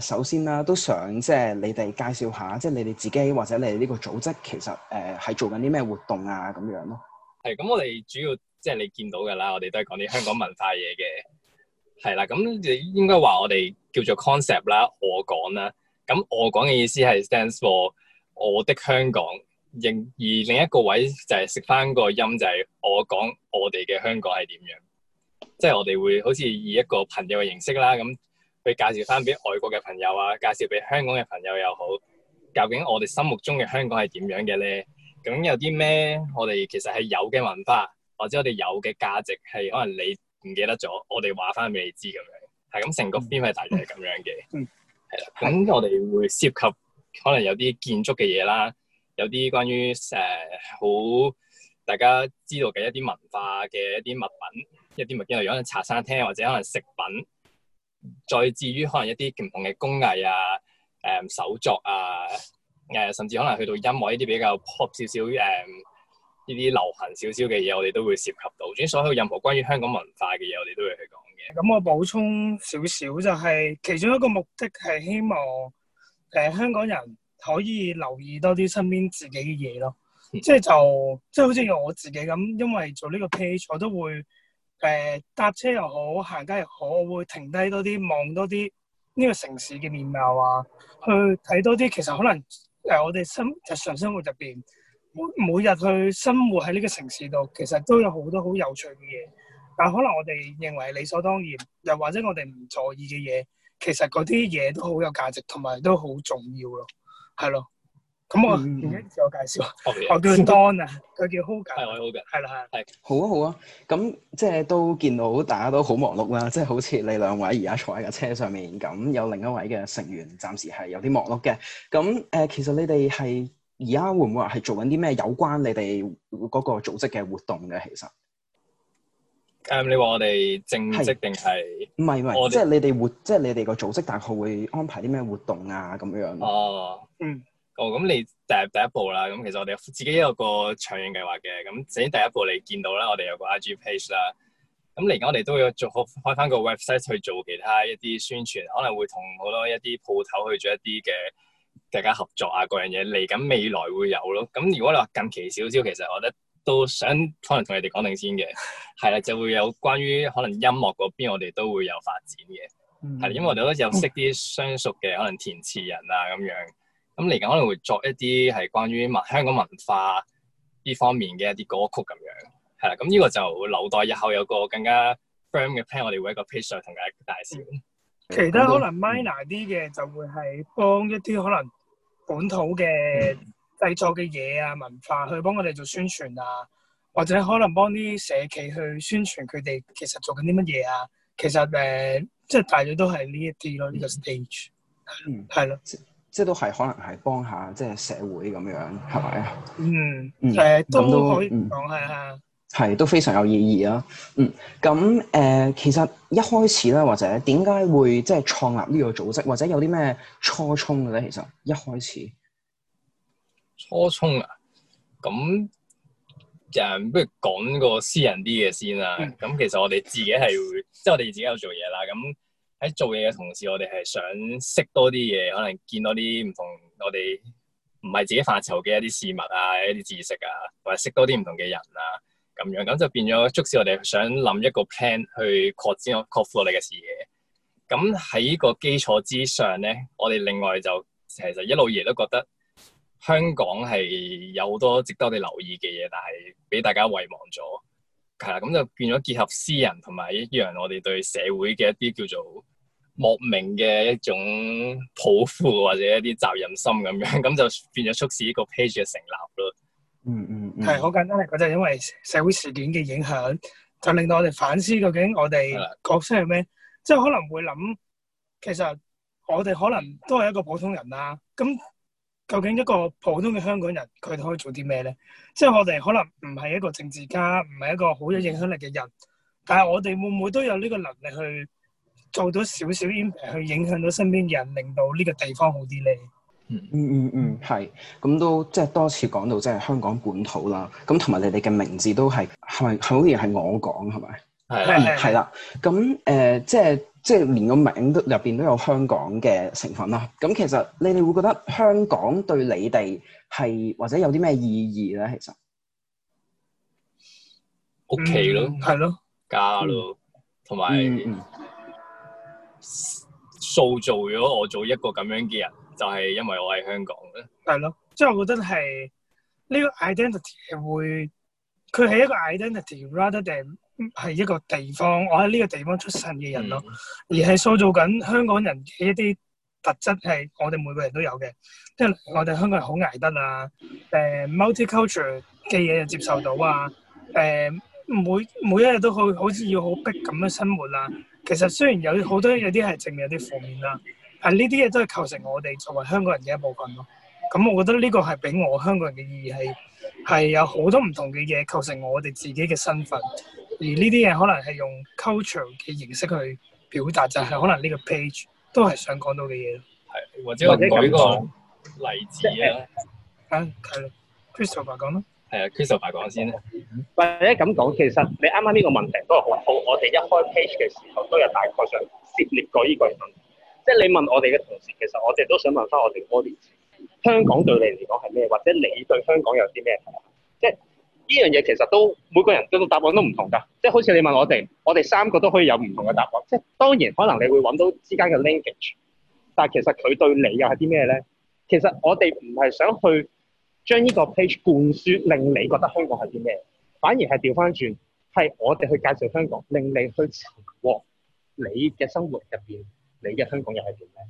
首先啦，都想即係你哋介紹下，即係你哋自己或者你哋呢個組織其實誒係、呃、做緊啲咩活動啊咁樣咯。係咁、就是，我哋主要即係你見到噶啦，我哋都係講啲香港文化嘢嘅。係啦，咁你應該話我哋叫做 Kongcept 啦，我港啦。咁我港嘅意思係 stands for 我的香港，而另一個位就係食翻個音，就係、是、我講我哋嘅香港係點樣，即、就、係、是、我哋會好似以一個朋友嘅形式啦，咁。去介紹翻俾外國嘅朋友啊，介紹俾香港嘅朋友又好，究竟我哋心目中嘅香港係點樣嘅咧？咁有啲咩我哋其實係有嘅文化，或者我哋有嘅價值係可能你唔記得咗，我哋話翻俾你知咁樣。係咁， 成個 theme 大致係咁樣嘅。係啦，咁我哋會涉及可能有啲建築嘅嘢啦，有啲關於誒、呃、好大家知道嘅一啲文化嘅一啲物品，一啲物件，例如茶餐廳或者可能食品。再至於可能一啲唔同嘅工藝啊，誒、嗯、手作啊，誒、啊、甚至可能去到音樂呢啲比較 pop 少少誒呢啲流行少少嘅嘢，我哋都會涉及到，總之所有任何關於香港文化嘅嘢，我哋都會去講嘅。咁我補充少少就係、是、其中一個目的係希望誒、呃、香港人可以留意多啲身邊自己嘅嘢咯，即係就即係好似我自己咁，因為做呢個 page 我都會。誒，搭車又好，行街又好，會停低多啲，望多啲呢個城市嘅面貌啊，去睇多啲。其實可能誒，我哋生日常生活入邊，每日去生活喺呢個城市度，其實都有好多好有趣嘅嘢。但可能我哋認為理所當然，又或者我哋唔在意嘅嘢，其實嗰啲嘢都好有價值，同埋都好重要咯，係咯。咁我唔唔使自我介紹， 我叫 Don 啊，佢叫 Hooka，係我好嘅，Hooka，係啦係係好啊好啊，咁、啊、即係都見到大家都好忙碌啦，即係好似你兩位而家坐喺架車上面咁，有另一位嘅成員暫時係有啲忙碌嘅，咁誒、呃，其實你哋係而家會唔會話係做緊啲咩有關你哋嗰個組織嘅活動嘅？其實誒、嗯，你話我哋正職定係唔係唔係，即係你哋活，即係你哋個組織大概會安排啲咩活動啊？咁樣哦，嗯。哦，咁你第第一步啦，咁其實我哋自己有個長遠計劃嘅，咁首先第一步你見到啦，我哋有個 IG page 啦，咁嚟緊我哋都會做好開翻個 website 去做其他一啲宣傳，可能會同好多一啲鋪頭去做一啲嘅大家合作啊，嗰樣嘢嚟緊未來會有咯。咁如果你話近期少少，其實我覺得都想可能同你哋講定先嘅，係啦，就會有關於可能音樂嗰邊我哋都會有發展嘅，係、嗯，因為我哋都有識啲相熟嘅可能填詞人啊咁樣。咁嚟緊可能會作一啲係關於文香港文化呢方面嘅一啲歌曲咁樣，係啦。咁呢個就留待日後有個更加 firm 嘅 plan，我哋會一個 pitch 上同大家介紹、嗯。其他可能 minor 啲嘅，就會係幫一啲可能本土嘅製作嘅嘢啊，文化去幫我哋做宣傳啊，或者可能幫啲社企去宣傳佢哋其實做緊啲乜嘢啊。其實誒，即、呃、係、就是、大約都係呢一啲咯，呢、嗯、個 stage，係咯。即都係，可能係幫下即係社會咁樣，係咪啊？嗯，誒，都可以講係啊，係、嗯、都非常有意義啊。嗯，咁誒、呃，其實一開始咧，或者點解會即係創立呢個組織，或者有啲咩初衷嘅咧？其實一開始，初衷啊，咁誒，不如講個私人啲嘢先啦。咁、嗯、其實我哋自己係會，即係我哋自己有做嘢啦，咁。喺做嘢嘅同時，我哋係想識多啲嘢，可能見到啲唔同，我哋唔係自己範疇嘅一啲事物啊，一啲知識啊，或者識多啲唔同嘅人啊，咁樣咁就變咗促使我哋想諗一個 plan 去擴展、我擴闊我哋嘅視野。咁喺個基礎之上咧，我哋另外就其實一路亦都覺得香港係有好多值得我哋留意嘅嘢，但係俾大家遺忘咗。係啦，咁就變咗結合私人同埋一,一,一,一樣，我哋對社會嘅一啲叫做莫名嘅一種抱負或者一啲責任心咁樣，咁就是、變咗促使呢個 page 嘅成立咯、嗯。嗯嗯，係好簡單，嚟講就係、因為社會事件嘅影響，就令到我哋反思究竟我哋角色係咩，即係、嗯嗯、可能會諗，其實我哋可能都係一個普通人啦，咁。究竟一個普通嘅香港人佢哋可以做啲咩咧？即係我哋可能唔係一個政治家，唔係一個好有影響力嘅人，但係我哋會唔會都有呢個能力去做到少少 impact 去影響到身邊人，令到呢個地方好啲咧、嗯？嗯嗯嗯嗯，係咁都即係多次講到即係香港本土啦。咁同埋你哋嘅名字都係係咪好似係我講係咪？係係啦。咁誒、呃、即係。即係連個名都入邊都有香港嘅成分啦。咁其實你哋會覺得香港對你哋係或者有啲咩意義咧？其實屋企咯，係咯，家咯，同埋塑造咗我做一個咁樣嘅人，就係因為我喺香港咧。係咯，即係我覺得係呢個 identity 係會，佢係一個 identity，rather than。係一個地方，我喺呢個地方出世嘅人咯，嗯、而係塑造緊香港人嘅一啲特質係我哋每個人都有嘅，即係我哋香港人好捱得啊，誒、呃，multiculture 嘅嘢又接受到啊，誒、呃，每每一日都好好似要好逼咁樣生活啊，其實雖然有好多有啲係正面有啲負面啦，係呢啲嘢都係構成我哋作為香港人嘅一部分咯，咁我覺得呢個係俾我香港人嘅意義係係有好多唔同嘅嘢構成我哋自己嘅身份。而呢啲嘢可能係用 culture 嘅形式去表達，就係、是、可能呢個 page 都係想講到嘅嘢咯。係，或者我舉個例子啦。的啊，係，Christopher 話講啦。係啊，Christopher 話講先啦。或者咁講，其實你啱啱呢個問題都係好，好。我哋一開 page 嘅時候都有大概想涉獵過呢個問題。即係你問我哋嘅同時，其實我哋都想問翻我哋年輕人，香港對你嚟講係咩，或者你對香港有啲咩即係。呢樣嘢其實都每個人嘅答案都唔同㗎，即係好似你問我哋，我哋三個都可以有唔同嘅答案。即係當然可能你會揾到之間嘅 linkage，但係其實佢對你又係啲咩呢？其實我哋唔係想去將呢個 page 灌輸，令你覺得香港係啲咩，反而係調翻轉，係我哋去介紹香港，令你去尋獲你嘅生活入邊，你嘅香港又係點咧？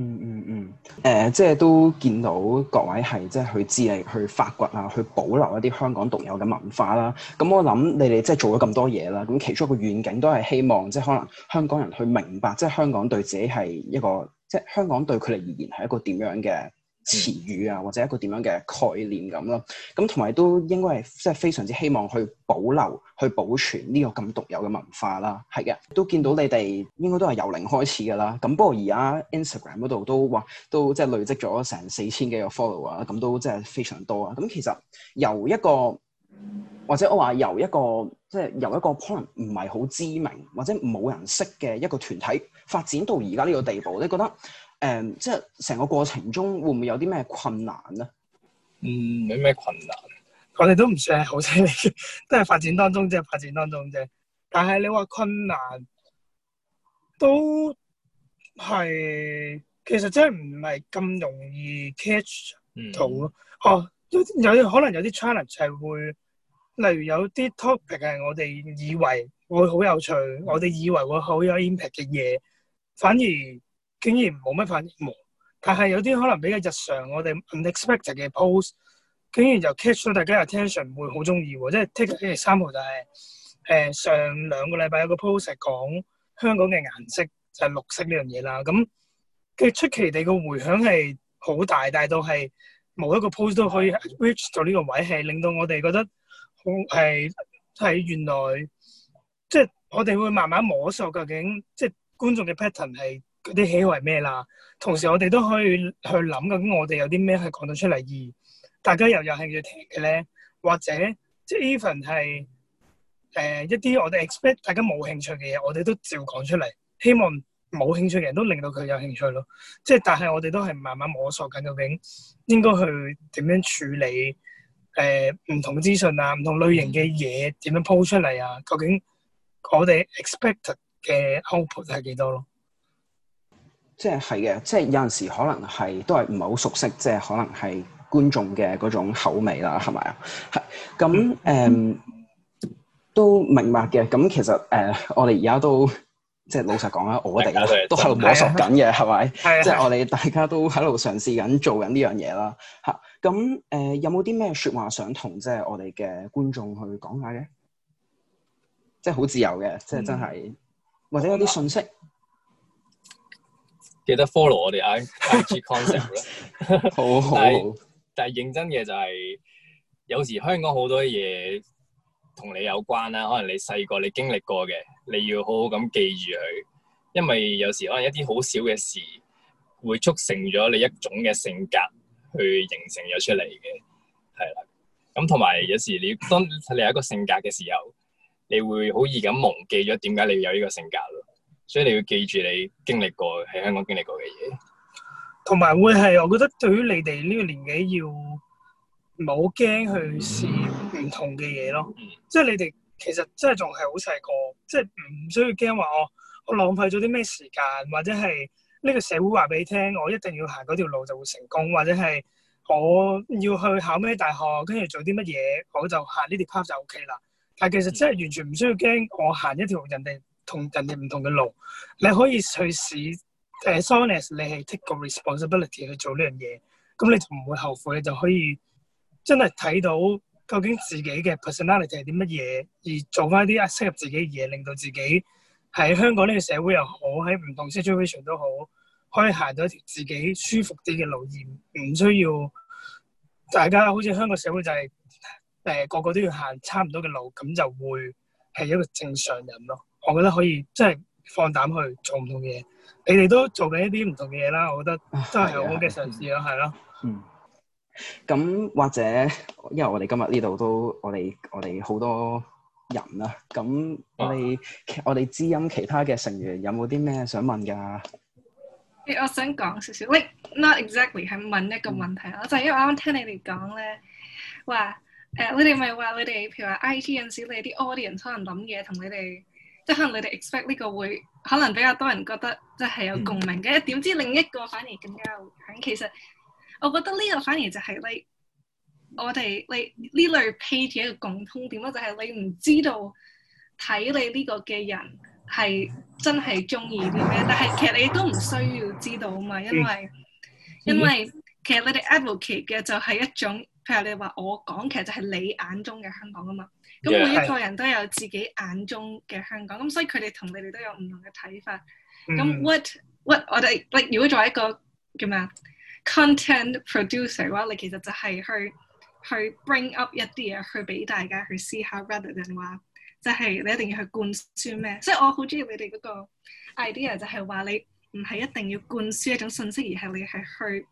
嗯嗯嗯，誒、呃，即係都見到各位係即係去致力去發掘啊，去保留一啲香港獨有嘅文化啦。咁我諗你哋即係做咗咁多嘢啦，咁其中一個願景都係希望即係可能香港人去明白，即係香港對自己係一個，即係香港對佢哋而言係一個點樣嘅詞語啊，或者一個點樣嘅概念咁咯，咁同埋都應該係即係非常之希望去保留、去保存呢個咁獨有嘅文化啦。係嘅，都見到你哋應該都係由零開始㗎啦。咁不過而家 Instagram 嗰度都話都即係累積咗成四千幾個 follower 啦，咁都即係非常多啊。咁其實由一個或者我話由一個即係、就是、由一個可能唔係好知名或者冇人識嘅一個團體發展到而家呢個地步，你覺得？誒，即係成個過程中會唔會有啲咩困難咧？嗯，冇咩困難。我哋都唔算係好犀利，都係發展當中即係，發展當中啫。但係你話困難，都係其實真係唔係咁容易 catch 唔到咯。嗯、哦，有可能有啲 challenge 係會，例如有啲 topic 係我哋以為會好有趣，我哋以為會好有 impact 嘅嘢，反而。竟然冇乜反應，但係有啲可能比較日常，我哋唔 expect 嘅 post，竟然就 catch 到大家 attention，會好中意喎。即係聽日三號就係、是、誒、呃、上兩個禮拜有個 post 係講香港嘅顏色就係、是、綠色呢樣嘢啦。咁跟住出奇地個回響係好大，大到都係冇一個 post 都可以 reach 到呢個位，係令到我哋覺得好係係原來即係、就是、我哋會慢慢摸索究竟即係、就是、觀眾嘅 pattern 係。嗰啲喜好係咩啦？同時我哋都可以去諗究竟我哋有啲咩係講到出嚟，而大家又有興趣聽嘅咧，或者即係 even 係誒、呃、一啲我哋 expect 大家冇興趣嘅嘢，我哋都照講出嚟，希望冇興趣嘅人都令到佢有興趣咯。即係但係我哋都係慢慢摸索緊究竟應該去點樣處理誒、呃、唔同資訊啊，唔同類型嘅嘢點樣鋪出嚟啊？嗯、究竟我哋 expect 嘅 output 係幾多咯？即係係嘅，即係有陣時可能係都係唔係好熟悉，即係可能係觀眾嘅嗰種口味啦，係咪啊？係咁誒，都明白嘅。咁其實誒、呃，我哋而家都即係老實講啦，我哋都喺度摸索緊嘅，係咪？即係、哎、呀我哋大家都喺度嘗試緊做緊呢樣嘢啦。吓咁誒，有冇啲咩說話想同即係我哋嘅觀眾去講下嘅？即係好自由嘅，即係真係，或者有啲訊息。嗯記得 follow 我哋 IG Kongcept 咧，好好。 但係是 認真嘅就係、是，有時香港好多嘢同你有關啦，可能你細個你經歷過嘅，你要好好咁記住佢，因為有時可能一啲好少嘅事，會促成咗你一種嘅性格去形成咗出嚟嘅，係啦。咁同埋有時你當你有一個性格嘅時候，你會好易咁忘記咗點解你要有呢個性格咯。所以你要記住你經歷過，喺香港經歷過嘅嘢，同埋會係我覺得對於你哋呢個年紀要冇驚去試唔同嘅嘢咯。嗯、即係你哋其實真係仲係好細個，即係唔需要驚話我我浪費咗啲咩時間，或者係呢個社會話俾你聽，我一定要行嗰條路就會成功，或者係我要去考咩大學，跟住做啲乜嘢，我就行呢條 path 就 O K 啦。但係其實真係完全唔需要驚我行一條人哋。人同人哋唔同嘅路，你可以去試，誒 sooner 你係 take responsibility 去做呢樣嘢，咁你就唔會後悔，你就可以真係睇到究竟自己嘅 personality 係啲乜嘢，而做翻啲適合自己嘅嘢，令到自己喺香港呢個社會又好，喺唔同 situation 都好，可以行到一條自己舒服啲嘅路，而唔需要大家好似香港社會就係、是、誒個個都要行差唔多嘅路，咁就會係一個正常人咯。我覺得可以，即係放膽去做唔同嘅嘢。你哋都做緊一啲唔同嘅嘢啦。我覺得真係好嘅嘗試咯，係咯唉。嗯。咁、嗯了嗯、或者因為我哋今日呢度都我哋我哋好多人啦。咁我哋、啊、我哋知音其他嘅成員有冇啲咩想問㗎？誒、嗯，我想講少少。我、like, not exactly 係問一個問題啦，嗯、就係因為啱啱聽你哋講咧，話誒，我哋咪話你哋，譬如話 I T 有時你哋啲 audience 可能諗嘢同你哋。即可能你哋 expect 呢個會可能比較多人覺得即係有共鳴嘅，點知另一個反而更加響。其實我覺得呢個反而就係你、like, 我哋你呢類 page 嘅共通點咧就係、是、你唔知道睇你呢個嘅人係真係中意啲咩，但係其實你都唔需要知道啊嘛，因為、欸欸、因為其實你哋 advocate 嘅就係一種。係你話我講，其實就係你眼中嘅香港啊嘛。咁 Yeah, 每一個人都有自己眼中嘅香港，咁 Yeah.、嗯、所以佢哋同你哋都有唔同嘅睇法。咁、mm. what what 我哋 like 如果作為一個叫咩 content producer 嘅話，你其實就係去去 bring up 一啲嘢去俾大家去思考，rather than 話就係、是、你一定要去灌輸咩。即係我好中意你哋嗰個 idea，就係話你唔係一定要灌輸一種信息，而係你係去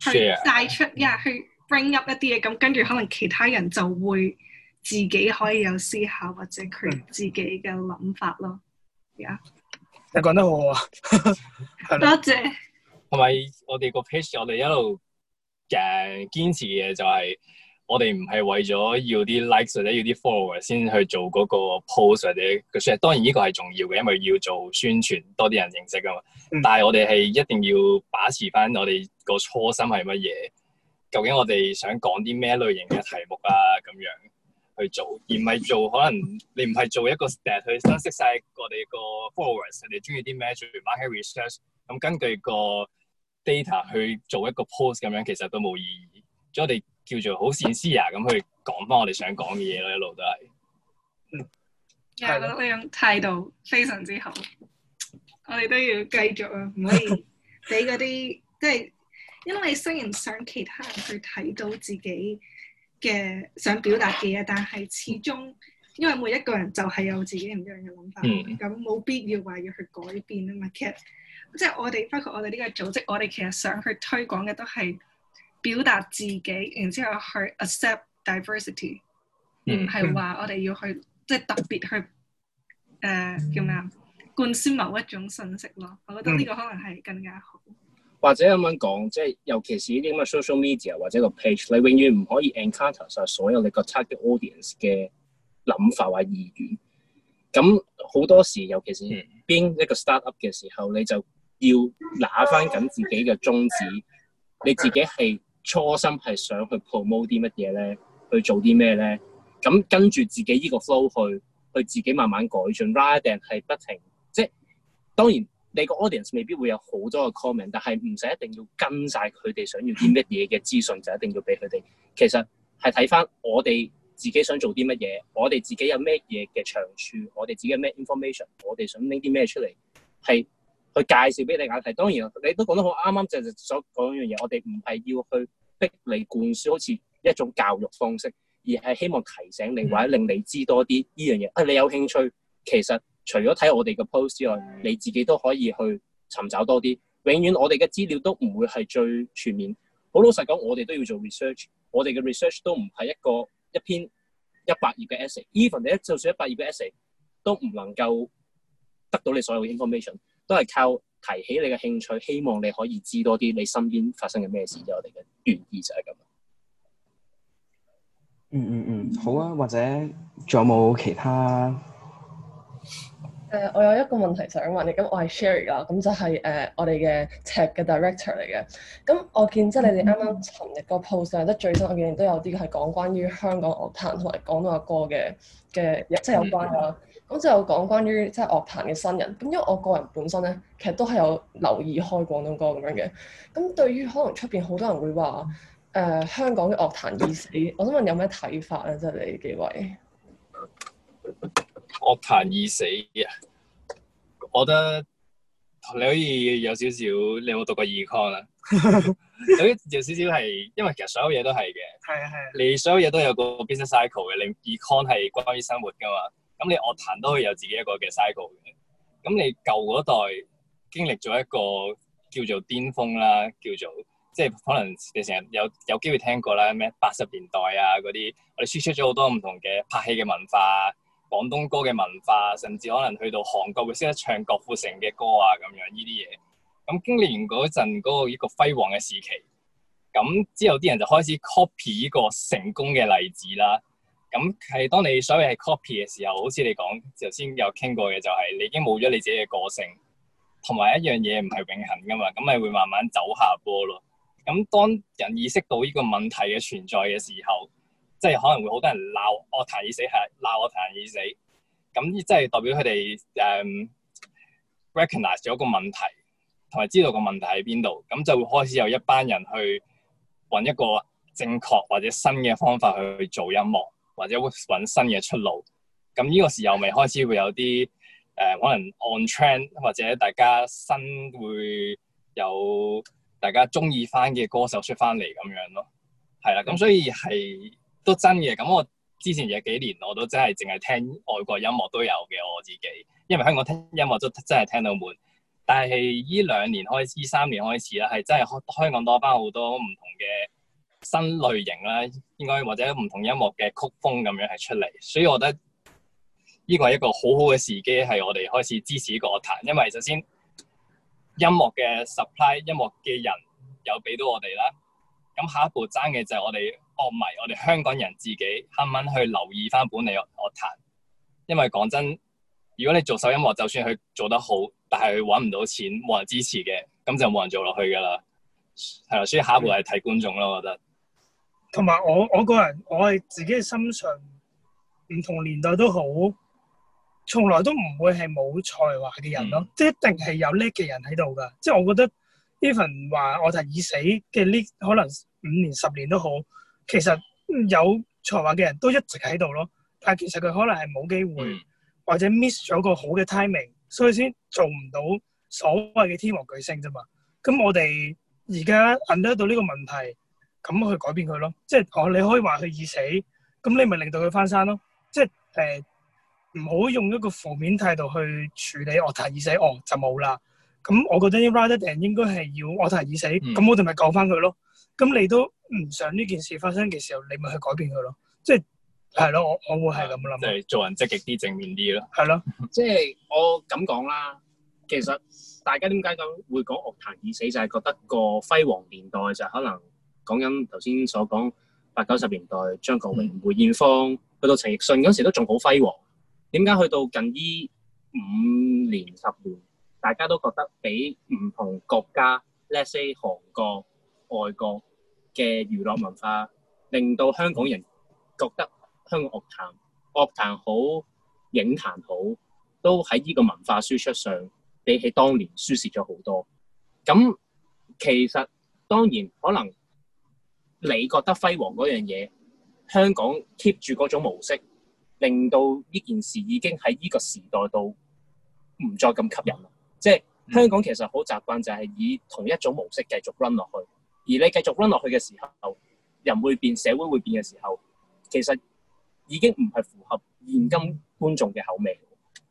Share. 去帶出呀、yeah, 去。bring up 一啲嘢，咁跟住可能其他人就會自己可以有思考或者 create 自己嘅諗法咯。啊、嗯，你 Yeah. 講得好啊， 多謝。同埋我哋個 page，我哋一路誒堅持嘅就係、是、我哋唔係為咗要啲 likes 或者要啲 follower 先去做嗰個 post 或者嘅宣，當然呢個係重要嘅，因為要做宣傳，多啲人認識㗎嘛。嗯、但係我哋係一定要把持返我哋個初心係乜嘢。究竟我哋想講啲咩類型嘅題目啊？咁樣去做，而唔係做可能你唔係做一個 Step 去分析晒我哋個 followers，你中意啲咩做 market research，咁根據個 data 去做一個 post 咁樣，其實都冇意義。所以我哋叫做好善思啊，咁去講返我哋想講嘅嘢咯，一路都係。嗯，又係覺得呢種態度非常之好。我哋都要繼續啊，唔 可以俾嗰啲即係。就是因為雖然想其他人去睇到自己嘅想表達嘅嘢，但係始終因為每一個人就係有自己唔一樣嘅諗法，咁冇、嗯、必要話要去改變啊嘛。其實即係我哋包括我哋呢個組織，我哋其實想去推廣嘅都係表達自己，然之後去 accept diversity，唔係話我哋要去即係、就是、特別去誒、呃、叫咩啊，灌輸某一種信息咯。我覺得呢個可能係更加好。或者咁樣講，即係尤其是呢啲乜 social media 或者個 page，你永遠唔可以 encounter 晒所有你個 target audience 嘅諗法或意願。咁好多時，尤其是邊一個 start up 嘅時候，你就要揦翻緊自己嘅宗旨，你自己係初心係想去 promote 啲乜嘢咧，去做啲咩咧？咁跟住自己依個 flow 去，去自己慢慢改進，riding 係不停，即係當然。你個 audience 未必會有好多個 comment，但係唔使一定要跟晒佢哋想要啲乜嘢嘅資訊，就一定要俾佢哋。其實係睇翻我哋自己想做啲乜嘢，我哋自己有咩嘢嘅長處，我哋自己有咩 information，我哋想拎啲咩出嚟，係去介紹俾你眼睇。當然，你都講得好啱啱，就係所講樣嘢。我哋唔係要去逼你灌輸，好似一種教育方式，而係希望提醒你或者令你知多啲呢樣嘢。啊，你有興趣，其實。除咗睇我哋嘅 post 之外，你自己都可以去尋找多啲。永遠我哋嘅資料都唔會係最全面。好老實講，我哋都要做 research。我哋嘅 research 都唔係一個一篇一百頁嘅 essay。Even 一就算一百頁嘅 essay 都唔能夠得到你所有嘅 information。都係靠提起你嘅興趣，希望你可以知多啲你身邊發生嘅咩事。即係我哋嘅原意就係咁、嗯。嗯嗯嗯，好啊。或者仲有冇其他？誒，uh，我有一個問題想問你，咁、嗯、我係 Sherry 啦、嗯，咁就係、是、誒、uh，我哋嘅劇嘅 director 嚟嘅。咁、嗯、我見即係你哋啱啱尋日個 post 啊，即最新我見都有啲係講關於香港樂壇同埋廣東話歌嘅嘅即係有關啦。咁、嗯嗯、就有講關於即係樂壇嘅新人。咁因為我個人本身咧，其實都係有留意開廣東歌咁樣嘅。咁對於可能出面好多人會話誒、呃、香港嘅樂壇已死，我想問有咩睇法咧？即係你幾位？樂壇已死啊！我覺得你可以有少少，你有冇讀過 econ 啊？ 有，有少少係，因為其實所有嘢都係嘅。係啊係啊。你所有嘢都有個 business cycle 嘅，你 econ 係關於生活噶嘛？咁你樂壇都可以有自己一個嘅 cycle 嘅。咁你舊嗰代經歷咗一個叫做巔峰啦，叫做即係可能你成日有，有機會聽過啦，咩八十年代啊嗰啲，我哋輸出咗好多唔同嘅拍戲嘅文化。廣東歌嘅文化，甚至可能去到韓國會識得唱郭富城嘅歌啊，咁樣呢啲嘢。咁經歷完嗰陣嗰個一個輝煌嘅時期，咁之後啲人就開始 copy 呢個成功嘅例子啦。咁係當你所謂係 copy 嘅時候，好似你講頭先有傾過嘅，就係你已經冇咗你自己嘅個性，同埋一樣嘢唔係永恆噶嘛，咁咪會慢慢走下坡咯。咁當人意識到呢個問題嘅存在嘅時候，即係可能會好多人鬧我彈已死，係鬧我彈已死。咁即係代表佢哋誒 recognize 咗個問題，同埋知道個問題喺邊度。咁就會開始有一班人去揾一個正確或者新嘅方法去做音樂，或者揾新嘅出路。咁呢個時候未開始會有啲誒、uh, 可能 on trend 或者大家新會有大家中意翻嘅歌手出翻嚟咁樣咯。係啦，咁所以係。都真嘅，咁我之前有幾年我都真係淨係聽外國音樂都有嘅我自己，因為香港聽音樂都真係聽到悶。但係依兩年，開始依三年開始啦，係真係香港多翻好多唔同嘅新類型啦，應該或者唔同音樂嘅曲風咁樣係出嚟。所以，我覺得呢個係一個好好嘅時機，係我哋開始支持個樂壇，因為首先音樂嘅 supply、音樂嘅人有俾到我哋啦。咁下一步爭嘅就係我哋。學迷我咪我哋香港人自己啱啱去留意翻本地樂樂壇？因為講真，如果你做首音樂，就算佢做得好，但係佢搵唔到錢，冇人支持嘅，咁就冇人做落去噶啦。係啦，所以下一步係睇觀眾咯。嗯、我覺得同埋我，我個人，我係自己嘅心上唔同年代都好，從來都唔會係冇才華嘅人咯、嗯，即係一定係有叻嘅人喺度噶。即係我覺得呢份話樂壇已死嘅呢，可能五年、十年都好。其實有才華嘅人都一直喺度咯，但係其實佢可能係冇機會，嗯、或者 miss 咗個好嘅 timing，所以先做唔到所謂嘅天王巨星啫嘛。咁我哋而家 under 到呢個問題，咁去改變佢咯。即係哦，你可以話佢已死，咁你咪令到佢翻生咯。即係誒，唔、呃、好用一個負面態度去處理樂壇已死，我、哦、就冇啦。咁我覺得呢 ride 啲人應該係要樂壇已死，咁、嗯、我哋咪救翻佢咯。咁你都唔想呢件事發生嘅時候，嗯、你咪去改變佢咯。即係係咯，我我會係咁諗。即係做人積極啲、正面啲咯。係咯的，即係 我咁講啦。其實大家點解咁會講樂壇已死，就係、是、覺得個輝煌年代就是、可能講緊頭先所講八九十年代張國榮、梅艷芳，去到陳奕迅嗰時都仲好輝煌。點解去到近呢五年十年，大家都覺得比唔同國家，let's say 韓國。外國嘅娛樂文化令到香港人覺得香港樂壇，樂壇好，影壇好，都喺呢個文化輸出上比起當年輸蝕咗好多。咁其實當然可能你覺得輝煌嗰樣嘢，香港 keep 住嗰種模式，令到呢件事已經喺呢個時代度唔再咁吸引、嗯、即係香港其實好習慣就係以同一種模式繼續 run 落去。而你繼續 run 落去嘅時候，人會變，社會會變嘅時候，其實已經唔係符合現今觀眾嘅口味。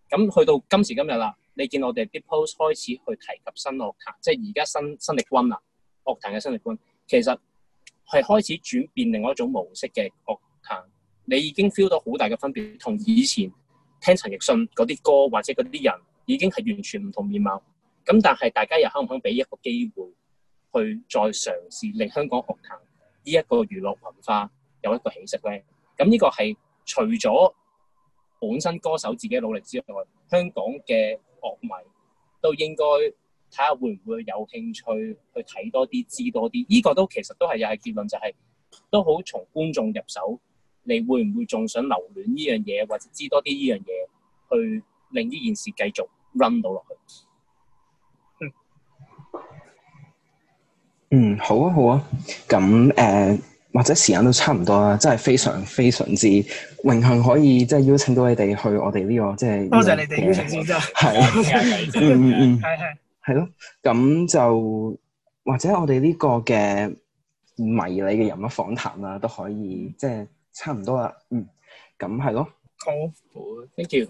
咁去到今時今日啦，你見我哋啲 post 開始去提及新樂壇，即係而家新新力軍啦，樂壇嘅新力軍，其實係開始轉變另外一種模式嘅樂壇。你已經 feel 到好大嘅分別，同以前聽陳奕迅嗰啲歌或者嗰啲人已經係完全唔同面貌。咁但係大家又肯唔肯俾一個機會？去再嘗試令香港樂壇呢一個娛樂文化有一個起色咧，咁呢個係除咗本身歌手自己努力之外，香港嘅樂迷都應該睇下會唔會有興趣去睇多啲、知多啲。呢、這個都其實都係又係結論，就係、是、都好從觀眾入手，你會唔會仲想留戀呢樣嘢，或者知多啲呢樣嘢，去令呢件事繼續 run 到落去。嗯，好啊，好啊、哦，咁誒、呃，或者時間都差唔多啦，真係非常非常之榮幸可以即係邀請到你哋去我哋呢、這個即係，多謝你哋邀請係，係，嗯嗯嗯，係係係咯，咁就或者我哋呢個嘅迷你嘅人物訪談啊，都可以即係、就是、差唔多啦，嗯，咁係咯，好、啊，好，Thank you。